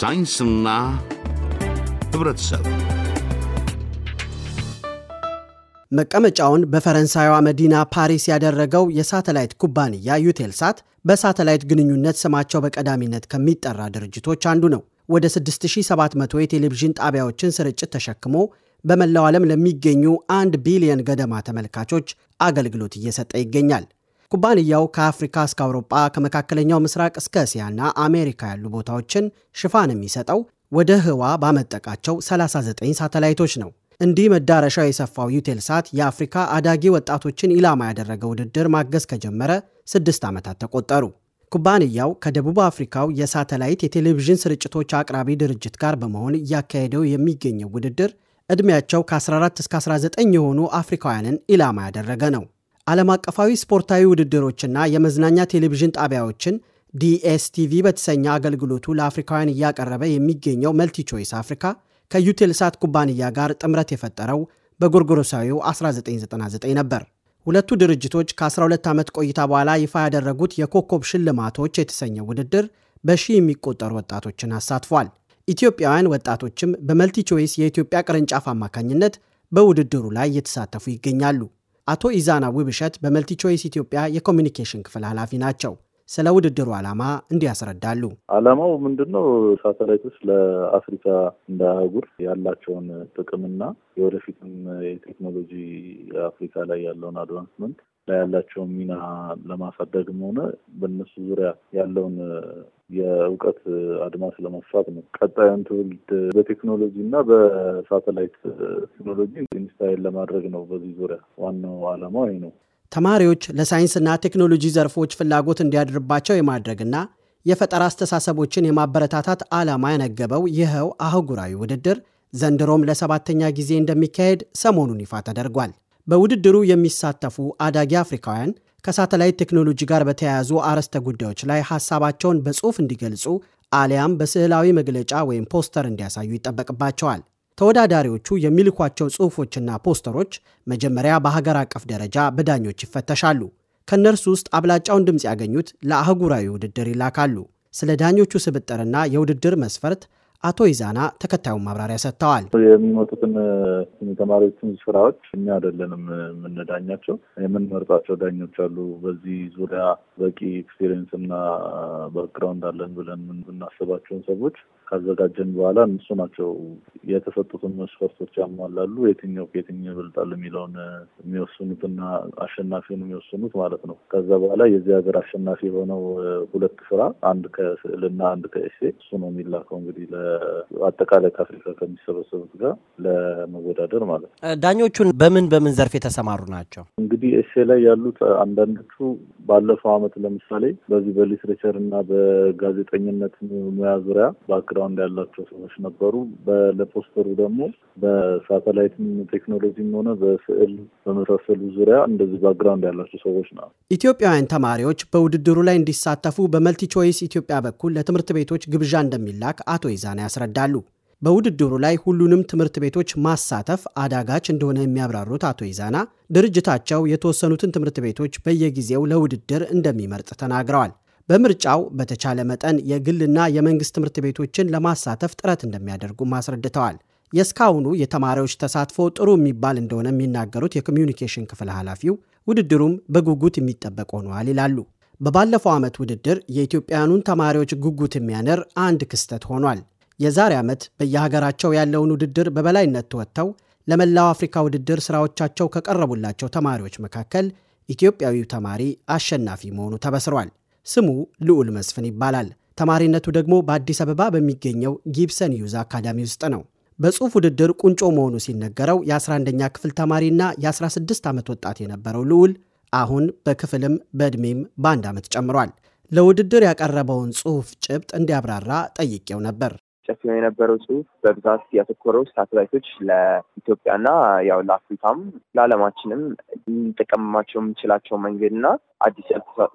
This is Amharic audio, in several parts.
ሳይንስና ህብረተሰብ መቀመጫውን በፈረንሳይዋ መዲና ፓሪስ ያደረገው የሳተላይት ኩባንያ ዩቴልሳት በሳተላይት ግንኙነት ስማቸው በቀዳሚነት ከሚጠራ ድርጅቶች አንዱ ነው። ወደ 6700 የቴሌቪዥን ጣቢያዎችን ስርጭት ተሸክሞ በመላው ዓለም ለሚገኙ አንድ ቢሊዮን ገደማ ተመልካቾች አገልግሎት እየሰጠ ይገኛል። ኩባንያው ከአፍሪካ እስከ አውሮጳ ከመካከለኛው ምስራቅ እስከ እስያና አሜሪካ ያሉ ቦታዎችን ሽፋን የሚሰጠው ወደ ህዋ ባመጠቃቸው 39 ሳተላይቶች ነው። እንዲህ መዳረሻው የሰፋው ዩቴልሳት የአፍሪካ አዳጊ ወጣቶችን ኢላማ ያደረገ ውድድር ማገዝ ከጀመረ ስድስት ዓመታት ተቆጠሩ። ኩባንያው ከደቡብ አፍሪካው የሳተላይት የቴሌቪዥን ስርጭቶች አቅራቢ ድርጅት ጋር በመሆን እያካሄደው የሚገኘው ውድድር ዕድሜያቸው ከ14 እስከ 19 የሆኑ አፍሪካውያንን ኢላማ ያደረገ ነው። ዓለም አቀፋዊ ስፖርታዊ ውድድሮችና የመዝናኛ ቴሌቪዥን ጣቢያዎችን ዲኤስቲቪ በተሰኘ አገልግሎቱ ለአፍሪካውያን እያቀረበ የሚገኘው መልቲ ቾይስ አፍሪካ ከዩቴልሳት ኩባንያ ጋር ጥምረት የፈጠረው በጎርጎሮሳዊው 1999 ነበር። ሁለቱ ድርጅቶች ከ12 ዓመት ቆይታ በኋላ ይፋ ያደረጉት የኮከብ ሽልማቶች የተሰኘው ውድድር በሺህ የሚቆጠሩ ወጣቶችን አሳትፏል። ኢትዮጵያውያን ወጣቶችም በመልቲ ቾይስ የኢትዮጵያ ቅርንጫፍ አማካኝነት በውድድሩ ላይ እየተሳተፉ ይገኛሉ። አቶ ኢዛና ውብሸት በመልቲቾይስ ኢትዮጵያ የኮሚኒኬሽን ክፍል ኃላፊ ናቸው። ስለ ውድድሩ ዓላማ እንዲህ ያስረዳሉ። ዓላማው ምንድን ነው? ሳተላይቶች ለአፍሪካ እንደ አህጉር ያላቸውን ጥቅምና የወደፊትም የቴክኖሎጂ አፍሪካ ላይ ያለውን አድቫንስመንት ላይ ያላቸውን ሚና ለማሳደግም ሆነ በእነሱ ዙሪያ ያለውን የእውቀት አድማስ ለማስፋት ነው። ቀጣዩን ትውልድ በቴክኖሎጂ እና በሳተላይት ቴክኖሎጂ ኢንስታይል ለማድረግ ነው። በዚህ ዙሪያ ዋናው ዓላማው ይህ ነው። ተማሪዎች ለሳይንስና ቴክኖሎጂ ዘርፎች ፍላጎት እንዲያድርባቸው የማድረግና የፈጠራ አስተሳሰቦችን የማበረታታት ዓላማ ያነገበው ይኸው አህጉራዊ ውድድር ዘንድሮም ለሰባተኛ ጊዜ እንደሚካሄድ ሰሞኑን ይፋ ተደርጓል። በውድድሩ የሚሳተፉ አዳጊ አፍሪካውያን ከሳተላይት ቴክኖሎጂ ጋር በተያያዙ አርዕስተ ጉዳዮች ላይ ሐሳባቸውን በጽሑፍ እንዲገልጹ አሊያም በስዕላዊ መግለጫ ወይም ፖስተር እንዲያሳዩ ይጠበቅባቸዋል። ተወዳዳሪዎቹ የሚልኳቸው ጽሑፎችና ፖስተሮች መጀመሪያ በሀገር አቀፍ ደረጃ በዳኞች ይፈተሻሉ። ከእነርሱ ውስጥ አብላጫውን ድምፅ ያገኙት ለአህጉራዊ ውድድር ይላካሉ። ስለ ዳኞቹ ስብጥርና የውድድር መስፈርት አቶ ይዛና ተከታዩን ማብራሪያ ሰጥተዋል። የሚመጡትን ተማሪዎችን ስራዎች እኛ አይደለንም የምንዳኛቸው፣ የምንመርጣቸው ዳኞች አሉ። በዚህ ዙሪያ በቂ ኤክስፔሪየንስ እና ባክግራውንድ አለን ብለን የምናስባቸውን ሰዎች ካዘጋጀን በኋላ እነሱ ናቸው የተሰጡትን መስፈርቶች ያሟላሉ፣ የትኛው ከየትኛው ይበልጣል የሚለውን የሚወስኑትና አሸናፊውን የሚወስኑት ማለት ነው። ከዛ በኋላ የዚህ ሀገር አሸናፊ የሆነው ሁለት ስራ አንድ ከስዕልና አንድ ከኤሴ እሱ ነው የሚላከው እንግዲህ አጠቃላይ ከአፍሪካ ከሚሰበሰቡት ጋር ለመወዳደር ማለት ነው። ዳኞቹን በምን በምን ዘርፍ የተሰማሩ ናቸው? እንግዲህ ኤሴ ላይ ያሉት አንዳንዶቹ ባለፈው አመት ለምሳሌ በዚህ በሊትሬቸር እና በጋዜጠኝነት ሙያ ዙሪያ ባክግራውንድ ያላቸው ሰዎች ነበሩ። ለፖስተሩ ደግሞ በሳተላይት ቴክኖሎጂም ሆነ በስዕል በመሳሰሉ ዙሪያ እንደዚህ ባክግራውንድ ያላቸው ሰዎች ናቸው። ኢትዮጵያውያን ተማሪዎች በውድድሩ ላይ እንዲሳተፉ በመልቲ ቾይስ ኢትዮጵያ በኩል ለትምህርት ቤቶች ግብዣ እንደሚላክ አቶ ይዛ እንደሆነ ያስረዳሉ። በውድድሩ ላይ ሁሉንም ትምህርት ቤቶች ማሳተፍ አዳጋች እንደሆነ የሚያብራሩት አቶ ይዛና ድርጅታቸው የተወሰኑትን ትምህርት ቤቶች በየጊዜው ለውድድር እንደሚመርጥ ተናግረዋል። በምርጫው በተቻለ መጠን የግልና የመንግስት ትምህርት ቤቶችን ለማሳተፍ ጥረት እንደሚያደርጉም አስረድተዋል። የእስካሁኑ የተማሪዎች ተሳትፎ ጥሩ የሚባል እንደሆነ የሚናገሩት የኮሚዩኒኬሽን ክፍል ኃላፊው ውድድሩም በጉጉት የሚጠበቅ ሆኗል ይላሉ። በባለፈው ዓመት ውድድር የኢትዮጵያውያኑን ተማሪዎች ጉጉት የሚያንር አንድ ክስተት ሆኗል። የዛሬ ዓመት በየሀገራቸው ያለውን ውድድር በበላይነት ተወጥተው ለመላው አፍሪካ ውድድር ሥራዎቻቸው ከቀረቡላቸው ተማሪዎች መካከል ኢትዮጵያዊው ተማሪ አሸናፊ መሆኑ ተበስሯል። ስሙ ልዑል መስፍን ይባላል። ተማሪነቱ ደግሞ በአዲስ አበባ በሚገኘው ጊብሰን ዩዝ አካዳሚ ውስጥ ነው። በጽሑፍ ውድድር ቁንጮ መሆኑ ሲነገረው የ11ኛ ክፍል ተማሪና የ16 ዓመት ወጣት የነበረው ልዑል አሁን በክፍልም በዕድሜም በአንድ ዓመት ጨምሯል። ለውድድር ያቀረበውን ጽሑፍ ጭብጥ እንዲያብራራ ጠይቄው ነበር። ሲጨፍር የነበረው ጽሁፍ በብዛት ያተኮረው ሳተላይቶች ለኢትዮጵያና ያው ለአፍሪካም ለዓለማችንም ልንጠቀምባቸው የምንችላቸው መንገድ እና አዲስ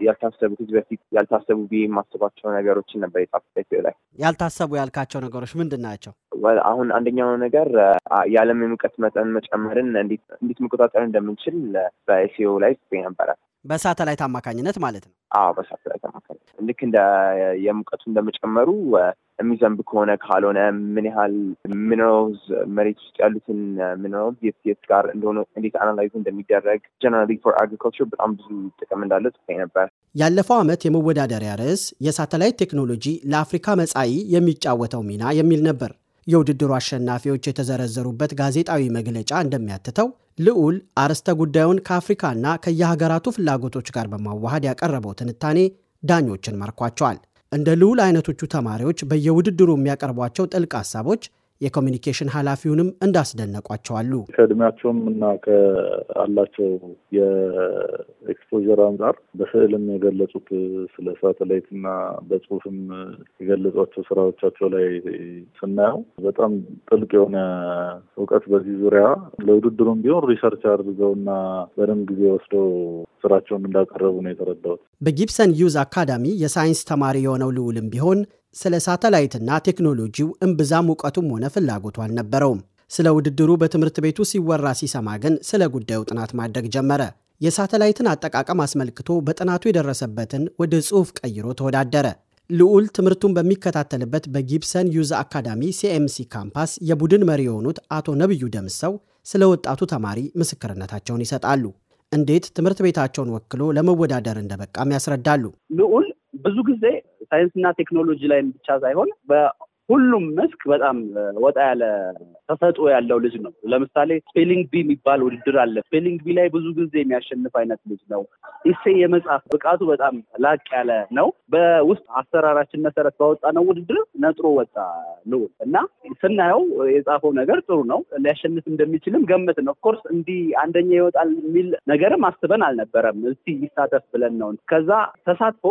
ያልታሰቡ ከዚህ በፊት ያልታሰቡ ብዬ የማስባቸው ነገሮችን ነበር የጻፍበት ላይ። ያልታሰቡ ያልካቸው ነገሮች ምንድን ናቸው? አሁን አንደኛው ነገር የዓለም የሙቀት መጠን መጨመርን እንዴት መቆጣጠር እንደምንችል በኤስኤ ላይ ጽፌ ነበረ። በሳተላይት አማካኝነት ማለት ነው። አዎ በሳተላይት አማካኝነት ልክ እንደ የሙቀቱ እንደመጨመሩ የሚዘንብ ከሆነ ካልሆነ ምን ያህል ሚነራልስ መሬት ውስጥ ያሉትን ሚነራልስ uh, የት የት ጋር እንደሆነ እንዴት አናላይዝ እንደሚደረግ ጀነራሊ ፎር አግሪካልቸር በጣም ብዙ ጥቅም እንዳለ ጽፌ ነበር። ያለፈው ዓመት የመወዳደሪያ ርዕስ የሳተላይት ቴክኖሎጂ ለአፍሪካ መጻኢ የሚጫወተው ሚና የሚል ነበር። የውድድሩ አሸናፊዎች የተዘረዘሩበት ጋዜጣዊ መግለጫ እንደሚያትተው ልዑል አርዕስተ ጉዳዩን ከአፍሪካና ከየሀገራቱ ፍላጎቶች ጋር በማዋሃድ ያቀረበው ትንታኔ ዳኞችን መርኳቸዋል። እንደ ልዑል አይነቶቹ ተማሪዎች በየውድድሩ የሚያቀርቧቸው ጥልቅ ሀሳቦች የኮሚኒኬሽን ኃላፊውንም እንዳስደነቋቸዋሉ ከእድሜያቸውም እና ከአላቸው የኤክስፖዠር አንጻር በስዕልም የገለጹት ስለ ሳተላይት እና በጽሁፍም የገለጿቸው ስራዎቻቸው ላይ ስናየው በጣም ጥልቅ የሆነ እውቀት በዚህ ዙሪያ ለውድድሩም ቢሆን ሪሰርች አድርገውና በደንብ ጊዜ ወስደው ስራቸውም እንዳቀረቡ ነው የተረዳሁት። በጊብሰን ዩዝ አካዳሚ የሳይንስ ተማሪ የሆነው ልዑልም ቢሆን ስለ ሳተላይትና ቴክኖሎጂው እምብዛም እውቀቱም ሆነ ፍላጎቱ አልነበረውም። ስለ ውድድሩ በትምህርት ቤቱ ሲወራ ሲሰማ ግን ስለ ጉዳዩ ጥናት ማድረግ ጀመረ። የሳተላይትን አጠቃቀም አስመልክቶ በጥናቱ የደረሰበትን ወደ ጽሑፍ ቀይሮ ተወዳደረ። ልዑል ትምህርቱን በሚከታተልበት በጊብሰን ዩዝ አካዳሚ ሲኤምሲ ካምፓስ የቡድን መሪ የሆኑት አቶ ነብዩ ደምሰው ስለ ወጣቱ ተማሪ ምስክርነታቸውን ይሰጣሉ። እንዴት ትምህርት ቤታቸውን ወክሎ ለመወዳደር እንደበቃም ያስረዳሉ። ልዑል ብዙ ጊዜ ሳይንስና ቴክኖሎጂ ላይ ብቻ ሳይሆን ሁሉም መስክ በጣም ወጣ ያለ ተሰጥኦ ያለው ልጅ ነው። ለምሳሌ ስፔሊንግ ቢ የሚባል ውድድር አለ። ስፔሊንግ ቢ ላይ ብዙ ጊዜ የሚያሸንፍ አይነት ልጅ ነው። ኢሴ የመጽሐፍ ብቃቱ በጣም ላቅ ያለ ነው። በውስጥ አሰራራችን መሰረት ባወጣ ነው ውድድር ነጥሮ ወጣ ልውል እና ስናየው የጻፈው ነገር ጥሩ ነው። ሊያሸንፍ እንደሚችልም ነው። ኦፍኮርስ እንዲህ አንደኛ ይወጣል የሚል ነገርም አስበን አልነበረም። እስቲ ይሳተፍ ብለን ነው። ከዛ ተሳትፎ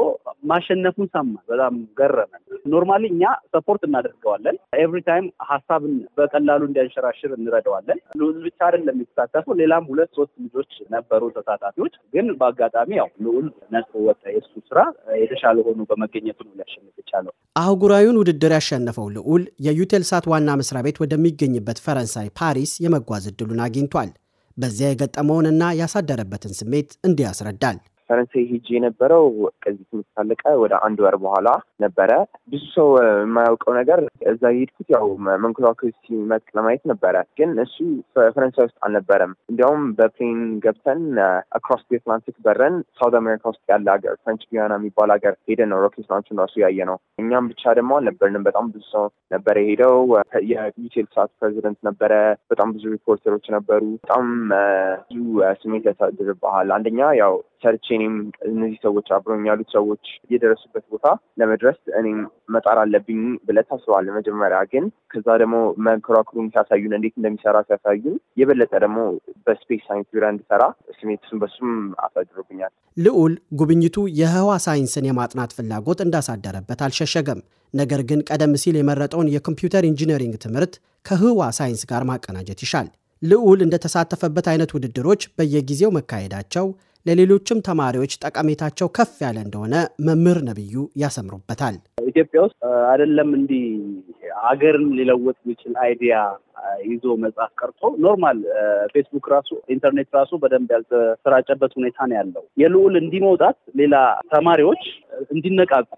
ማሸነፉን ሰማን። በጣም ገረመን። ኖርማሊ እኛ ሰፖርት እናደ እናደርገዋለን። ኤቭሪ ታይም ሀሳብን በቀላሉ እንዲያንሸራሽር እንረዳዋለን። ልዑል ብቻ አይደለም የተሳተፈው ሌላም ሁለት ሶስት ልጆች ነበሩ ተሳታፊዎች። ግን በአጋጣሚ ያው ልዑል ነጽ ወጣ። የእሱ ስራ የተሻለ ሆኖ በመገኘቱ ነው ሊያሸንፍ የቻለው። አህጉራዊውን ውድድር ያሸነፈው ልዑል የዩቴልሳት ዋና መስሪያ ቤት ወደሚገኝበት ፈረንሳይ ፓሪስ የመጓዝ እድሉን አግኝቷል። በዚያ የገጠመውንና ያሳደረበትን ስሜት እንዲህ ያስረዳል። ፈረንሳይ ሄጅ የነበረው ከዚህ ትምህርት ካለቀ ወደ አንድ ወር በኋላ ነበረ። ብዙ ሰው የማያውቀው ነገር እዛ የሄድኩት ያው መንኮራኩር ሲመጥ ለማየት ነበረ፣ ግን እሱ ፈረንሳይ ውስጥ አልነበረም። እንዲያውም በፕሌን ገብተን አክሮስ ዲ አትላንቲክ በረን ሳውት አሜሪካ ውስጥ ያለ ሀገር ፍሬንች ጊያና የሚባል ሀገር ሄደን ነው ሮኬት ላንቹን ራሱ ያየ ነው። እኛም ብቻ ደግሞ አልነበርንም፣ በጣም ብዙ ሰው ነበረ የሄደው። የዩቴል ሳት ፕሬዚደንት ነበረ፣ በጣም ብዙ ሪፖርተሮች ነበሩ። በጣም ብዙ ስሜት ያሳድርብሃል። አንደኛ ያው ሰርቼ እኔም እነዚህ ሰዎች አብረኝ ያሉት ሰዎች የደረሱበት ቦታ ለመድረስ እኔም መጣር አለብኝ ብለ ታስባለህ መጀመሪያ። ግን ከዛ ደግሞ መንከራክሩን ሲያሳዩን፣ እንዴት እንደሚሰራ ሲያሳዩን የበለጠ ደግሞ በስፔስ ሳይንስ ዙሪያ እንድሰራ ስሜቱን በሱም አሳድሮብኛል። ልዑል ጉብኝቱ የህዋ ሳይንስን የማጥናት ፍላጎት እንዳሳደረበት አልሸሸገም። ነገር ግን ቀደም ሲል የመረጠውን የኮምፒውተር ኢንጂነሪንግ ትምህርት ከህዋ ሳይንስ ጋር ማቀናጀት ይሻል። ልዑል እንደተሳተፈበት አይነት ውድድሮች በየጊዜው መካሄዳቸው ለሌሎችም ተማሪዎች ጠቀሜታቸው ከፍ ያለ እንደሆነ መምህር ነቢዩ ያሰምሩበታል። ኢትዮጵያ ውስጥ አይደለም እንዲህ አገርን ሊለውጥ የሚችል አይዲያ ይዞ መጽሐፍ ቀርቶ ኖርማል ፌስቡክ ራሱ ኢንተርኔት ራሱ በደንብ ያልተሰራጨበት ሁኔታ ነው ያለው። የልዑል እንዲህ መውጣት ሌላ ተማሪዎች እንዲነቃቁ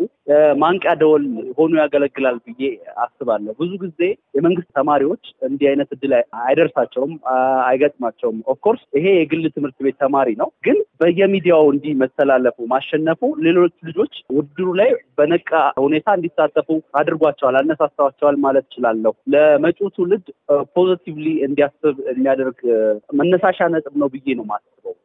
ማንቂያ ደወል ሆኖ ያገለግላል ብዬ አስባለሁ። ብዙ ጊዜ የመንግስት ተማሪዎች እንዲህ አይነት እድል አይደርሳቸውም፣ አይገጥማቸውም። ኦፍኮርስ ይሄ የግል ትምህርት ቤት ተማሪ ነው፣ ግን በየሚዲያው እንዲህ መተላለፉ ማሸነፉ ሌሎች ልጆች ውድድሩ ላይ በነቃ ሁኔታ እንዲሳተፉ አድርጓቸዋል፣ አነሳሳቸዋል ማለት እችላለሁ። ለመጪው ትውልድ ፖዘቲቭሊ እንዲያስብ የሚያደርግ መነሳሻ ነጥብ ነው ብዬ ነው ማስበው።